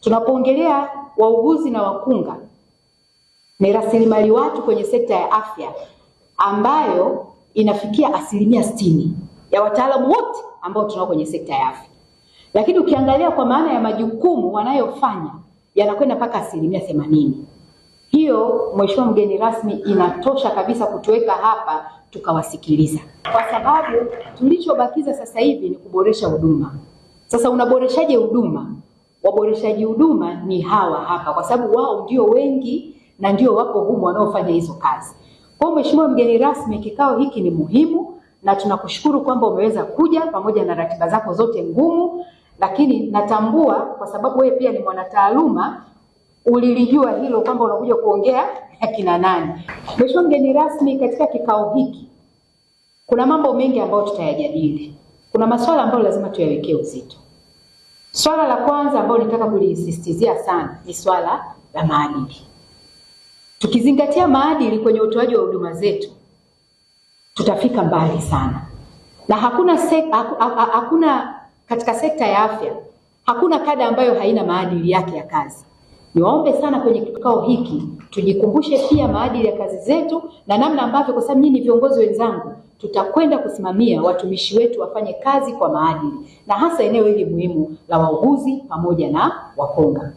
Tunapoongelea wauguzi na wakunga, ni rasilimali watu kwenye sekta ya afya ambayo inafikia asilimia sitini ya wataalamu wote ambao tunao kwenye sekta ya afya, lakini ukiangalia kwa maana ya majukumu wanayofanya yanakwenda mpaka asilimia themanini. Hiyo Mheshimiwa mgeni rasmi, inatosha kabisa kutuweka hapa tukawasikiliza, kwa sababu tulichobakiza sasa hivi ni kuboresha huduma. Sasa unaboreshaje huduma? waboreshaji huduma ni hawa hapa, kwa sababu wao ndio wengi na ndio wapo humu wanaofanya hizo kazi. Kwa hiyo, Mheshimiwa mgeni rasmi, kikao hiki ni muhimu na tunakushukuru kwamba umeweza kuja pamoja na ratiba zako zote ngumu, lakini natambua kwa sababu wewe pia ni mwanataaluma ulilijua hilo kwamba unakuja kuongea akina nani. Mheshimiwa mgeni rasmi, katika kikao hiki kuna mambo mengi ambayo tutayajadili, kuna masuala ambayo lazima tuyawekee uzito. Swala la kwanza ambalo nitaka kulisisitizia sana ni swala la maadili. Tukizingatia maadili kwenye utoaji wa huduma zetu, tutafika mbali sana, na hakuna sek, ha, ha, hakuna katika sekta ya afya, hakuna kada ambayo haina maadili yake ya kazi. Niwaombe sana kwenye kikao hiki tujikumbushe pia maadili ya kazi zetu na namna ambavyo, kwa sababu nyinyi ni viongozi wenzangu tutakwenda kusimamia watumishi wetu wafanye kazi kwa maadili na hasa eneo hili muhimu la wauguzi pamoja na wakonga.